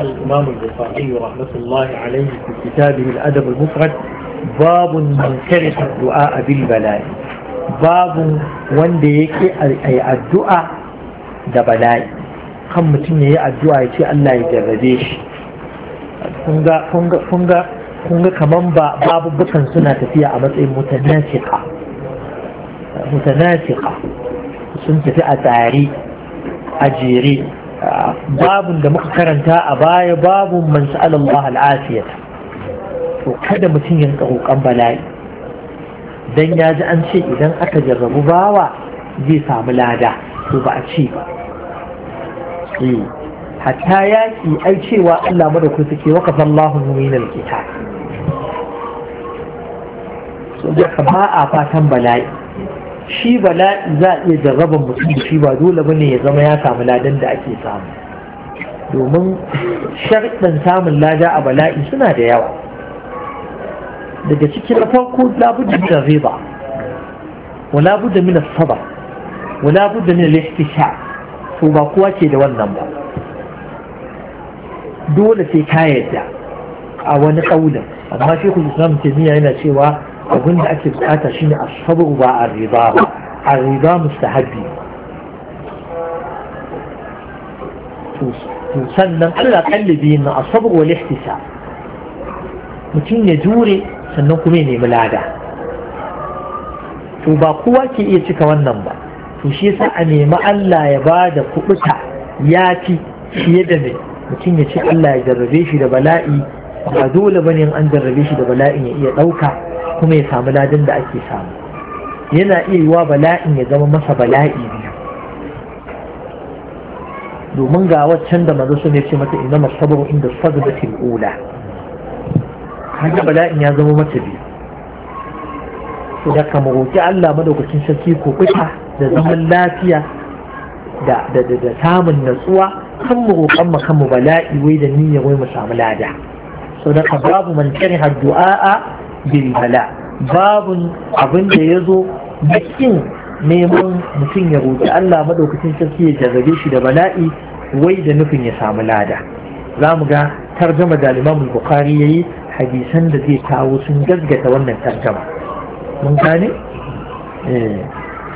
الإمام البخاري رحمة الله عليه في كتابه الأدب المفرد باب من كره الدعاء بالبلاء باب wanda yake ai addu'a da bala'i kan mutum ya yi addu'a ya ce Allah ya jarrabe shi kunga kaman ba bukan suna tafiya a matsayin mutanasika sun tafi a tsari a jere babun da muka karanta a baya babun man sa'ala Allah al'afiyata to kada mutum ya rika roƙon bala'i dan ya ji an ce idan aka jarrabu bawa zai samu lada to ba a ce ba eh, hatta yaki ai cewa Allah madaukakin suke waka fallahu mu'minal kitab so ba a fatan bala'i shi bala'i za a iya jarraban mutum da shi ba dole ba ne ya zama ya samu ladan da ake samu domin sharɗin samun lada a bala'i suna da yawa daga cikin na farko labudda min riba wa labudda min saba wa labudda min lihtisha to ba kowa ke da wannan ba dole sai ka yadda a wani ƙaunin amma shekul islam taimiyya yana cewa abin da ake bukata shine asabu ba a riba ba a riba mustahabi to sannan Allah kallibi na asabu wa ihtisa mutum ya jure sannan kuma ya nemi lada to ba kowa ke iya cika wannan ba to shi yasa a nemi Allah ya ba da kubuta ya fi fiye da mai mutum ya ce Allah ya jarrabe shi da bala'i ba dole bane an jarrabe shi da bala'i ya iya ɗauka kuma ya samu ladan da ake samu yana iya yiwa bala'in ya zama masa bala'i biyu domin ga waccan da manzo sun ce mata inna masabaru inda sadaqatil ula haka bala'in ya zama mata biyu to da kama roki Allah madaukakin sarki ko kuka da zaman lafiya da da da samun natsuwa kan mu roƙan mu kan mu bala'i wai da niyyar wai mu samu lada so da babu man kariha du'a bilbala babun abin da ya zo bikin neman mutum ya roƙi Allah maɗaukacin sarki ya jarrabe shi da bala'i wai da nufin ya samu lada za mu ga tarjama da bukari ya yi hadisan da zai kawo sun gaggata wannan tarjama mun gane eh.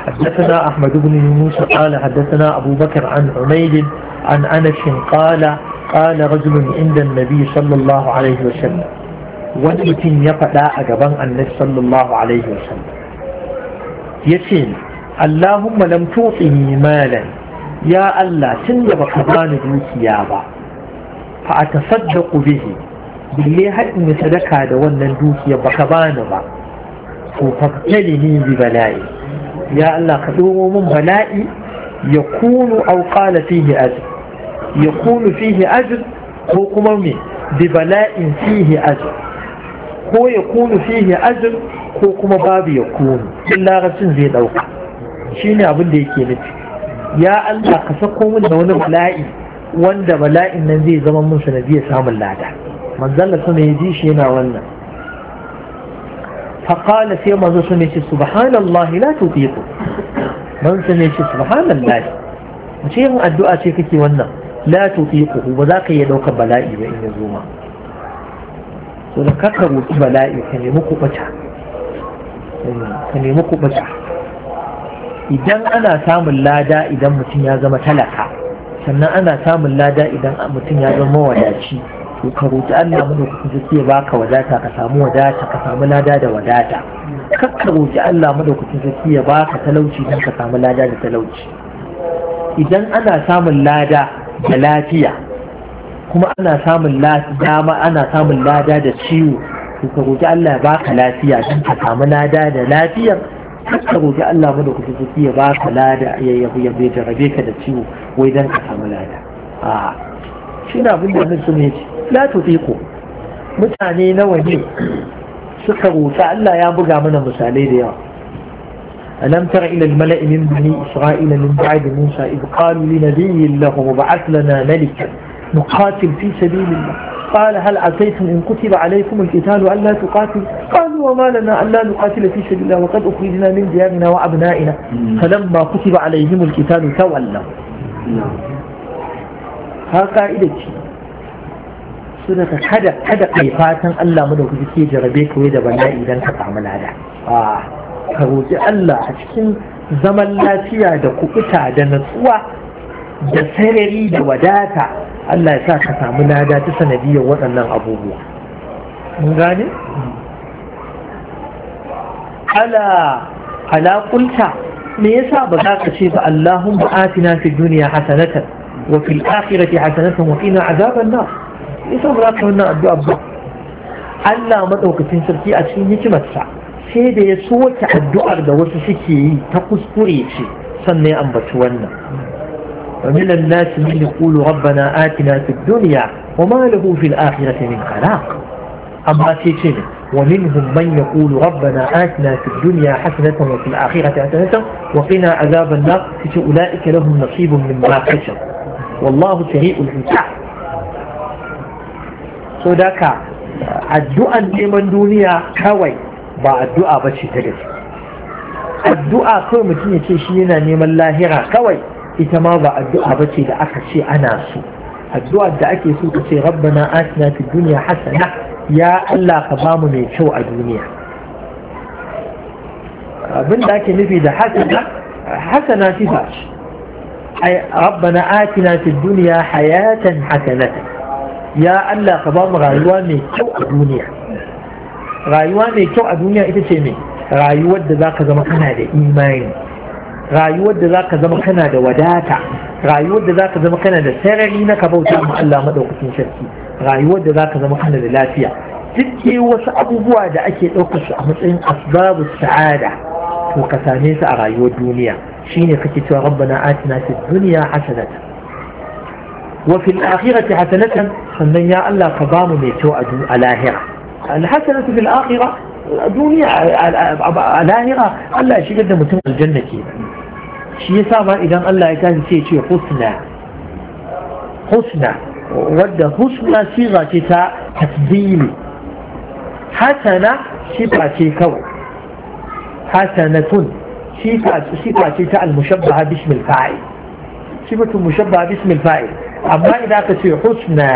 حدثنا أحمد بن يونس قال حدثنا أبو بكر عن عميد عن أنس قال قال رجل عند النبي صلى الله عليه وسلم wani mutum ya faɗa a gaban annabi sallallahu alaihi wasallam ya ce Allahumma lam tu'tini malan ya Allah tun da baka bani dukiya ba fa atasaddaqu bihi har haɗin sadaka da wannan dukiya baka bani ba ko fa ni bi bala'i ya Allah ka min bala'i ya kunu qala fihi ajr ya fihi ajr ko kuma me bi bala'in fihi ajr ko ya kunu fihi ajr ko kuma babu ya kunu in larabcin zai dauka ne abin da yake nufi ya Allah ka sako min da wani bala'i wanda bala'in nan zai zama mun sanadiyar samun lada manzalla sama ya ji shi yana wannan faƙala sai manzo su ne ce subhanallahi la tuqiqu man su ne ce subhanallahi mace yin addu'a ce kake wannan la tuqiqu ba za ka iya ɗaukar bala'i ba in ya zo ma so da kakka roƙi bala'i ka nemi kuɓuta eh, ka nemi kuɓuta idan ana samun lada idan mutum ya zama talaka sannan ana samun lada idan mutum ya zama wadaci to ka roƙi Allah mun hukun zai baka wadata ka samu wadata ka samu lada da wadata kakka roƙi Allah madaukakin sarki ya baka talauci don ka samu lada da talauci idan ana samun lada da lafiya kuma ana samun dama ana samun lada da ciwo to ka roƙi Allah ya baka lafiya don ka samu lada da lafiya ka roƙi Allah mu da kuke kuki ya baka lada ya yabu ya bai jarabe ka da ciwo wai dan ka samu lada a shi da abin da nan su ne la to ko mutane nawa ne suka roƙi Allah ya buga mana misalai da yawa ألم تر إلى الملأ من بني إسرائيل من بعد موسى إذ قالوا لنبي له مبعث لنا ملكا نقاتل في سبيل الله قال هل عسيتم إن كتب عليكم القتال ألا تقاتل قالوا وما لنا ألا نقاتل في سبيل الله وقد أخرجنا من ديارنا وأبنائنا فلما كتب عليهم القتال تولوا ها قائدة سنة حدا حدا قيفاتا ألا منه كي جربيك ويدا بلائي لن تطعم العدا آه فروجي ألا أشكين زمن لا تيا دقوتا دنسوا دسرري دوداتا Allah ya sa ka samu lada ta sanadiyar waɗannan abubuwa mun gane ala ala kulta me yasa ba za ka ce ba Allahumma atina fi dunya hasanatan wa fil akhirati hasanatan wa qina azaban nar yasa ba za ka wannan addu'a ba Allah madaukakin sarki a cikin hikimarsa sai da ya soke addu'ar da wasu suke yi ta kuskure ce sannan ya ambaci wannan ومن الناس من يقول ربنا آتنا في الدنيا وما له في الآخرة من خلاق أما سيشنه ومنهم من يقول ربنا آتنا في الدنيا حسنة وفي الآخرة حسنة وقنا عذاب النار أولئك لهم نصيب مما مراقشة والله سريء الحساب صدقاء الدعاء ka دنيا كوي با الدعاء بشي addu'a الدعاء كوي ta gaske addu'a kawai كوي ita ma ba addu'a ba ce da aka ce ana so addu'a da ake so ka ce rabbana atina fid duniya hasana ya Allah ka bamu mai kyau a duniya abin da ake nufi da hasana hasana sifa ce ai rabbana atina fid duniya hayatan hasanatan ya Allah ka bamu rayuwa mai kyau a duniya rayuwa mai kyau a duniya ita ce mai rayuwar da zaka zama kana da imani rayuwar da za ka zama kana da wadata rayuwar da za ka zama kana da sarari na ka bauta ma Allah maɗaukacin sarki rayuwar da za ka zama kana da lafiya duk wasu abubuwa da ake ɗaukar su a matsayin asbabu sa'ada to ka same su a rayuwar duniya shine kake cewa rabbana atina fid dunya hasanatan wa fil akhirati hasanatan sannan ya Allah ka bamu mai kyau a lahira al hasanatu fil akhirah duniya a lahira Allah ya shigar da mutum aljanna ke shi yasa ma idan Allah ya tashi sai ce husna husna wadda husna shi ba ce ta tasbili hasana shi ba ce kawai hasanatun ba ce ta al-mushabbaha bismil fa'il sifatun mushabbaha bismil fa'il amma idan aka ce husna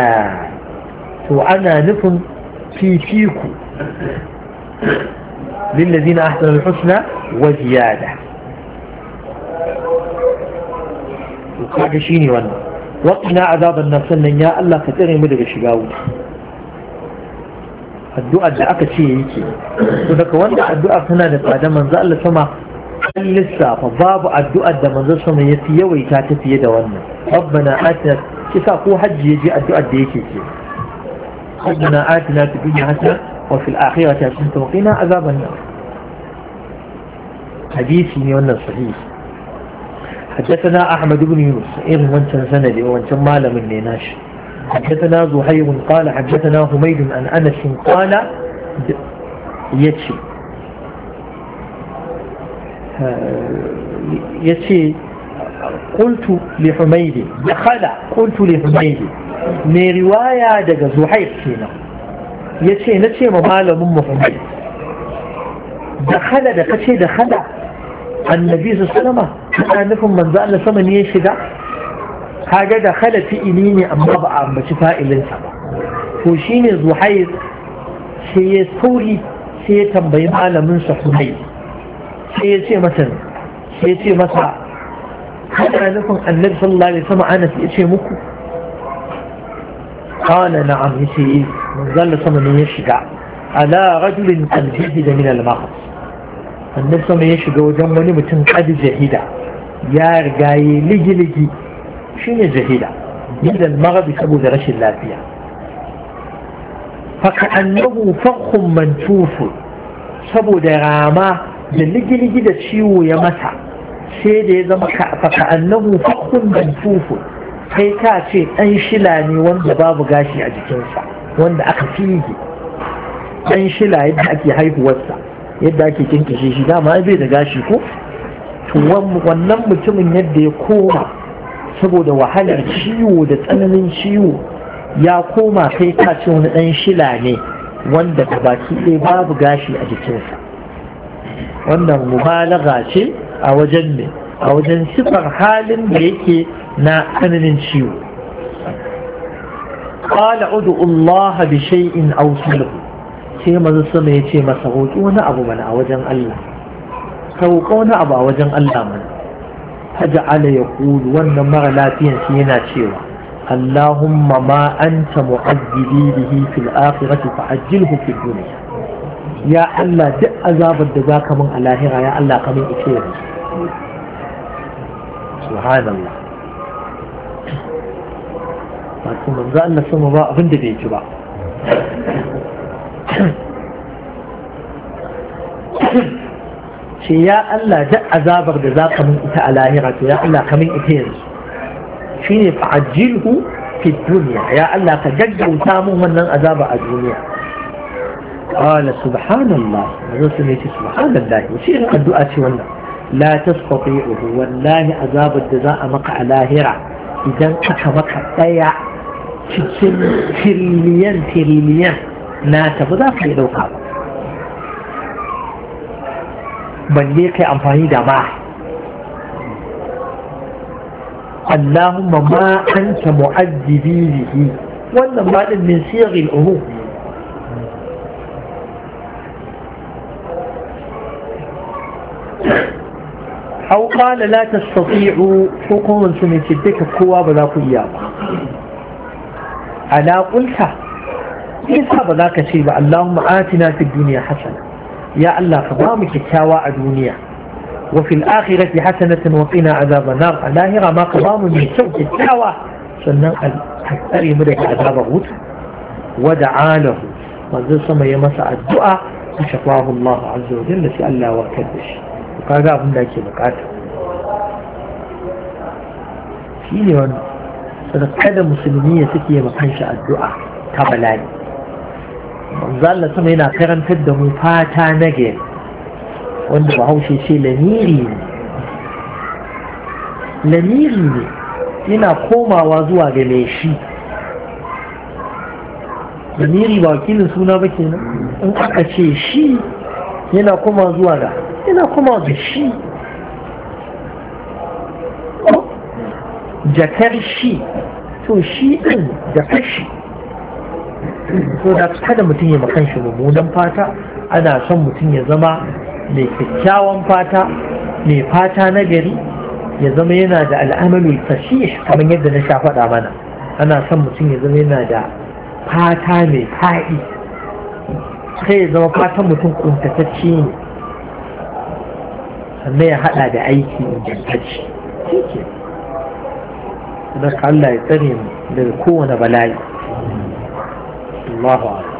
to ana nufin fifiku lillazina ahsanu al-husna wa to kaga ne wannan waqina azaban nar sannan ya Allah ka tsare mu daga shiga wuta addu'a da aka ce yake to daga wanda addu'a tana da tsada manzo Allah sama an lissafa babu addu'ar da manzo sama ya fi yawaita ta fiye da wannan rabbana atina kisa ko hajji yaje addu'ar da yake ke rabbana atina fid dunya hasana wa fil akhirati hasanatan wa qina azaban nar hadisi ne wannan sahihi حدثنا أحمد بن يونس إيه وانت سندي وانت مال من نيناش حدثنا زهير قال حدثنا حميد عن أن أنس قال يتشي يتشي قلت لحميد دخل قلت لحميد من رواية دقى زهير فينا يتشي نتشي ممال من حميد دخل دقى دخل, دخل annabi su sama ana nufin manzo Allah sama ne ya shiga kaga da khala fi'ili ne amma ba a ambaci fa'ilinsa ba to shine zuhair sai ya sauri sai ya tambayi malamin sa sai ya ce masa sai ya ce masa kana nufin annabi sallallahu alaihi wasallam ana ya ce muku قال نعم يسير من ظل صمم يشجع على رجل قد جهد من المغرب annabi sama ya shiga wajen wani mutum kadi jahida ya riga yi ligiligi, shi shine jahida yadda marabi saboda rashin lafiya faka annahu fakhun mantufu saboda rama da ligiligi da ciwo ya mata sai da ya zama faka annahu fakhun mantufu sai ka ce ɗan shila ne wanda babu gashi a jikinsa wanda aka fige ɗan shila yadda ake haihuwarsa yadda ake kinkashe shi dama bai da gashi ko wannan mutumin yadda ya koma saboda wahalar ciwo da tsananin ciwo ya koma kai ka ce wani ɗan shila ne wanda ta baki ɗaya babu gashi a jikinsa wannan mubalaga ce a wajen ne a wajen sifar halin da yake na tsananin ciwo قال ادعوا الله بشيء أو صله sai manzo sama ya ce masa roƙi wani abu mana a wajen Allah ka roƙa wani abu a wajen Allah mana faja'ala yaqulu wannan mara lafiyan shi yana cewa Allahumma ma anta mu'addili bihi fil akhirati fa'ajjilhu fid dunya ya Allah duk azabar da zaka min a lahira ya Allah ka min ita yanzu subhanallah wato manzo Allah sama ba abin da bai ci ba ce ya Allah da azabar da za ka min ita a lahira ya Allah ka min ita yanzu ne fa'ajjilhu fi dunya ya Allah ka gaggauta mun wannan azaba a duniya qala subhanallah manzo sun ce subhanallah shi ne addu'a ce wannan la tastati'uhu wallahi azabar da za a maka a lahira idan aka maka daya cikin tiriliyan na ta ba za ka yi ba من kai amfani da اللهم Allahumma ma anta mu'addibi bihi wannan من din min siyar أو قال لا تستطيعوا حكم سنتدك القوة بلا قيامة ألا قلت إذا بذاك شيء اللهم آتنا في الدنيا حسنة ya Allah ka ba kyakkyawa a duniya wa fil ya hasanatan wa qina azaban nar a lahira ma ka ba mu mai kyau kyakkyawa sannan ka tsare mu daga azabar wuta wa da'alahu manzon sama ya masa addu'a fa shafahu Allah azza wa jalla sai Allah wa kaddashi kaga da ake bukata shi ne wannan kada musulmi ya suke addu'a ta bala'i Allah sama yana karantar da mu fata na gari wanda bahaushe ce lamiri ne lamiri ne yana komawa zuwa ga mai shi lamiri ba wakilin suna ba kenan in aka ce shi yana komawa zuwa ga yana komawa ga shi jakar shi to shi ɗin jakar shi so da kada mutum ya makan shi mummunan fata ana son mutum ya zama mai kyakkyawan fata mai fata na gari ya zama yana da al'amalul fasih kamar yadda na sha faɗa mana ana son mutum ya zama yana da fata mai fa'i sai ya zama fatan mutum kuntatacce ne sannan ya haɗa da aiki ingantacce shi ke Allah ya tsare mu daga kowane bala'i wallahu a'lam